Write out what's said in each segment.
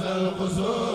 zal qusur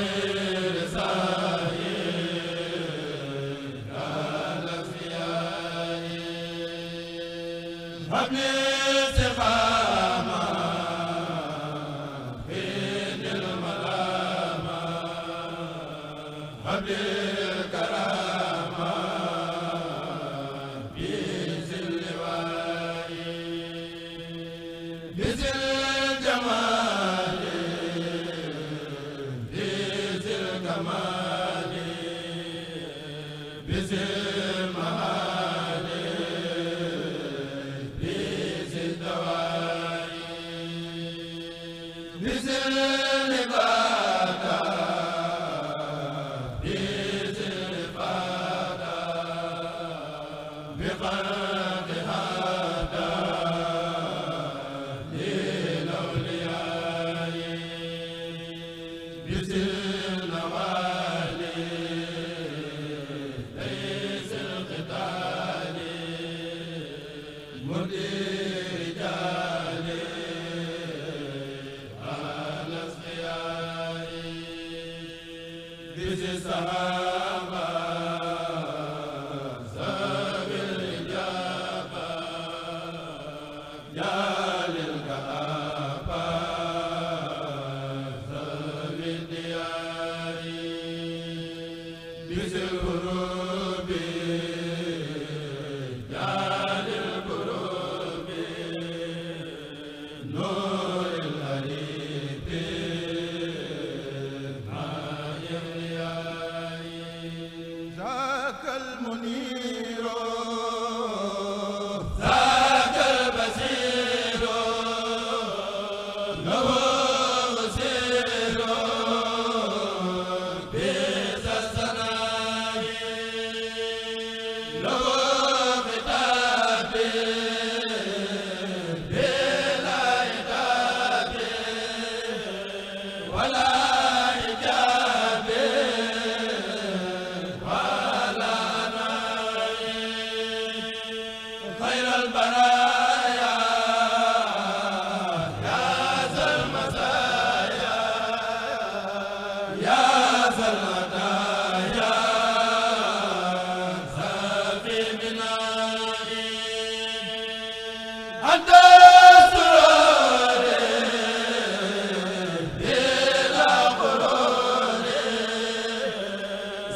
Amen. ya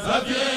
Xavier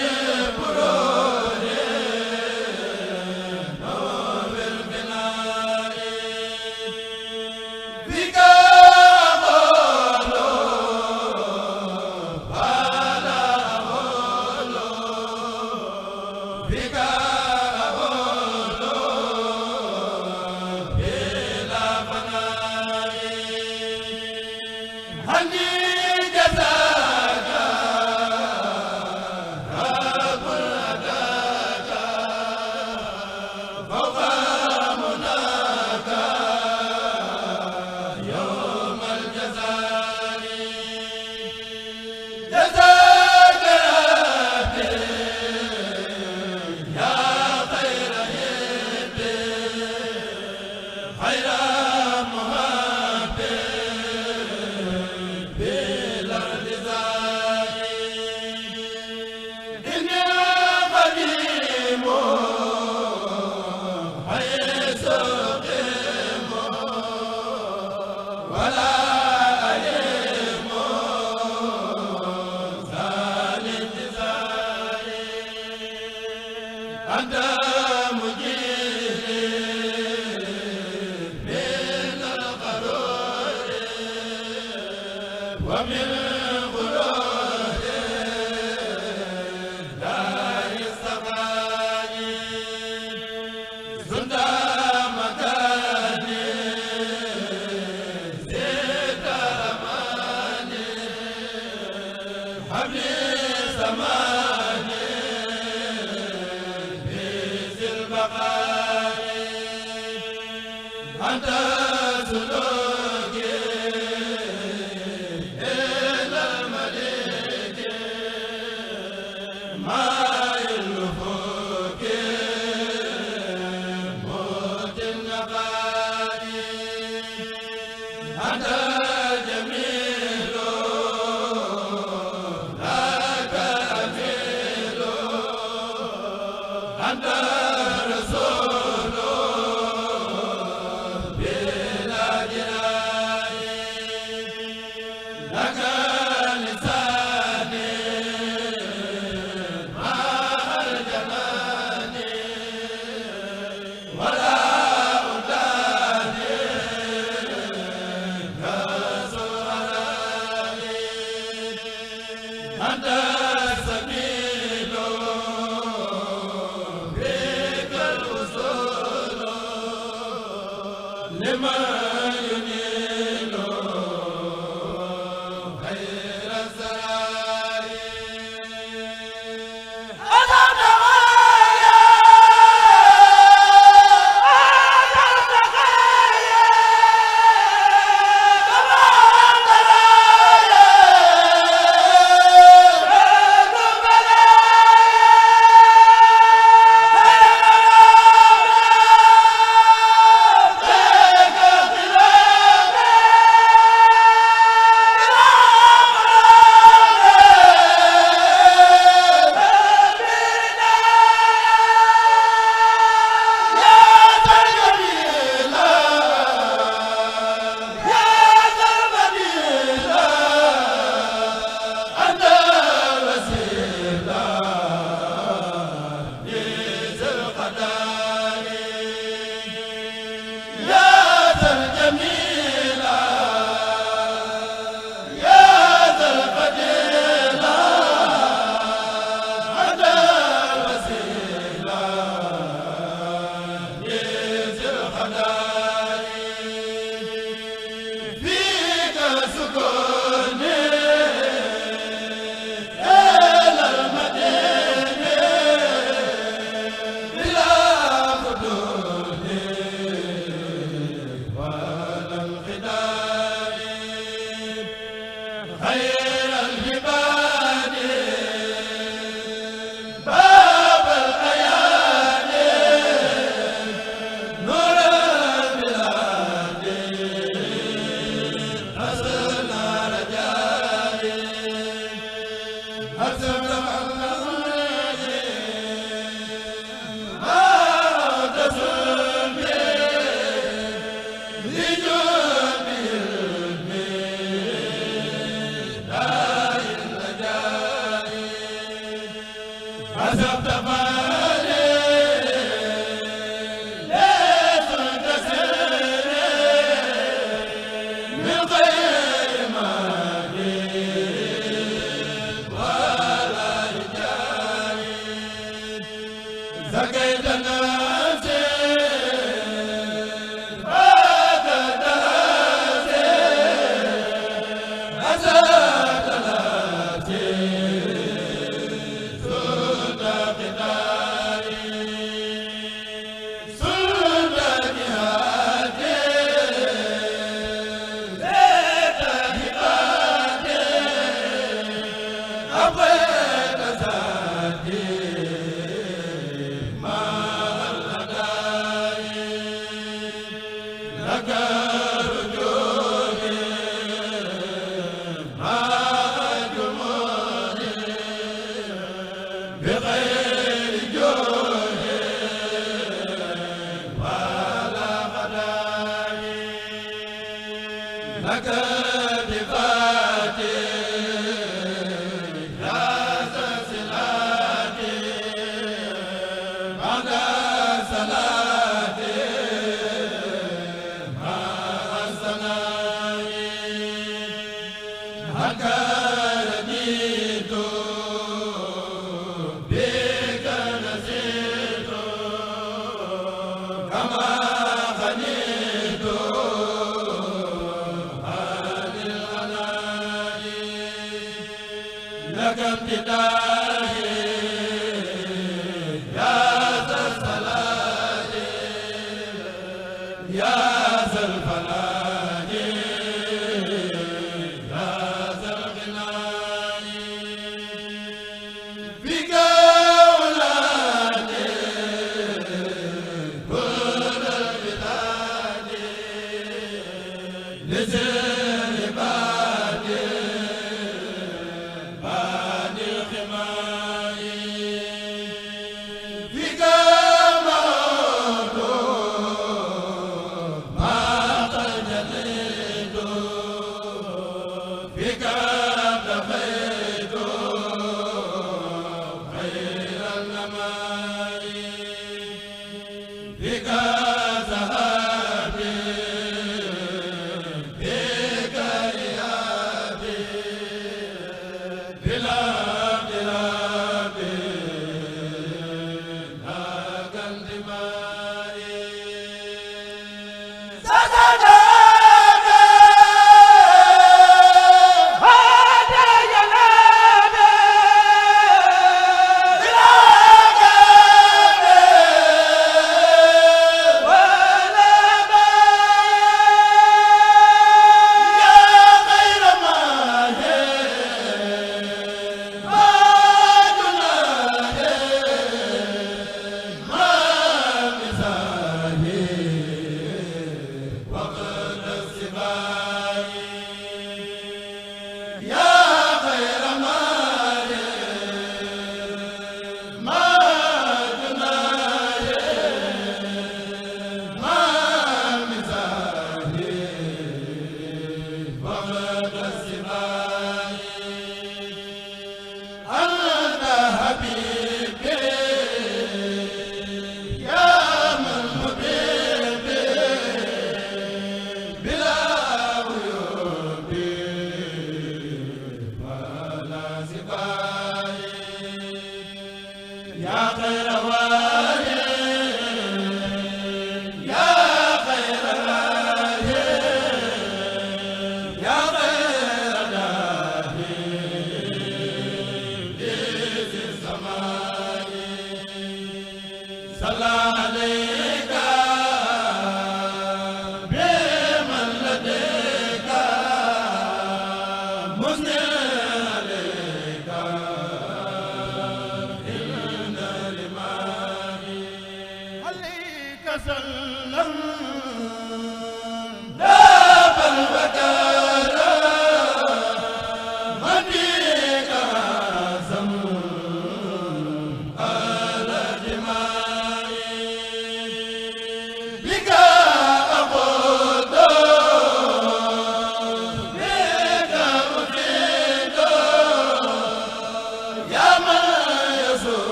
Amiin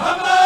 Muhammad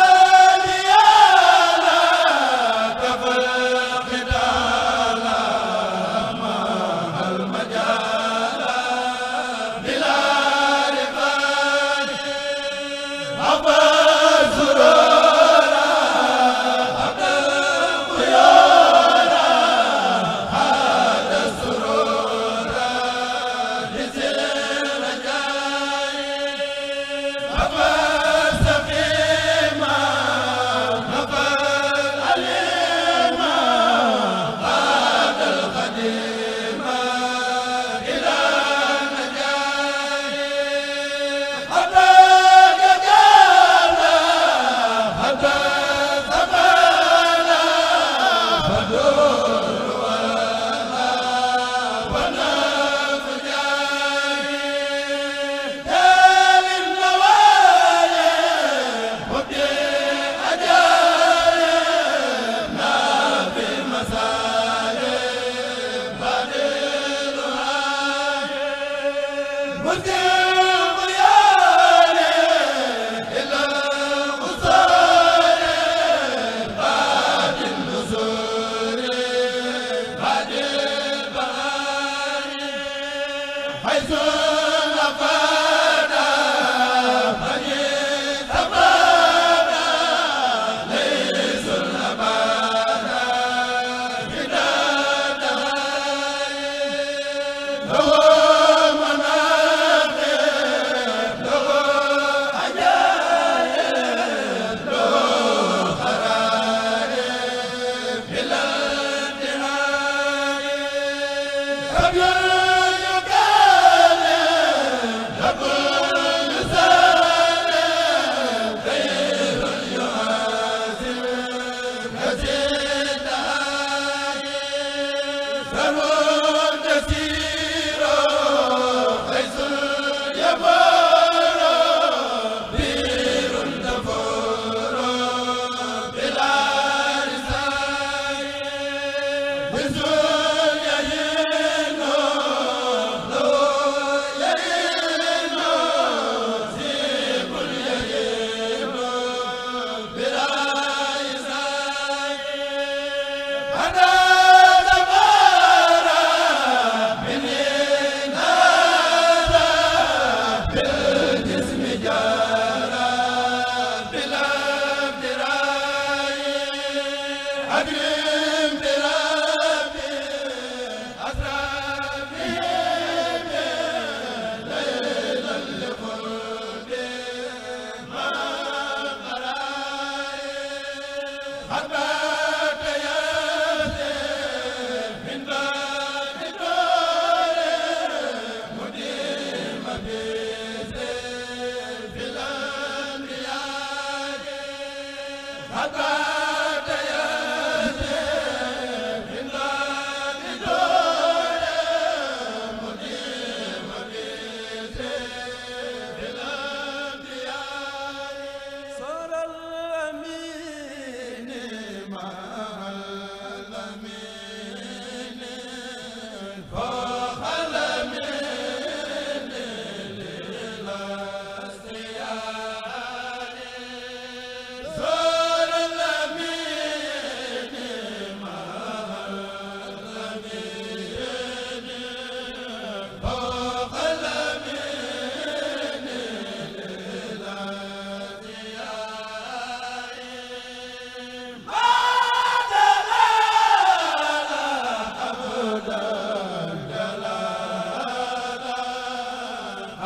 Badr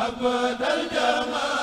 أبد الجمال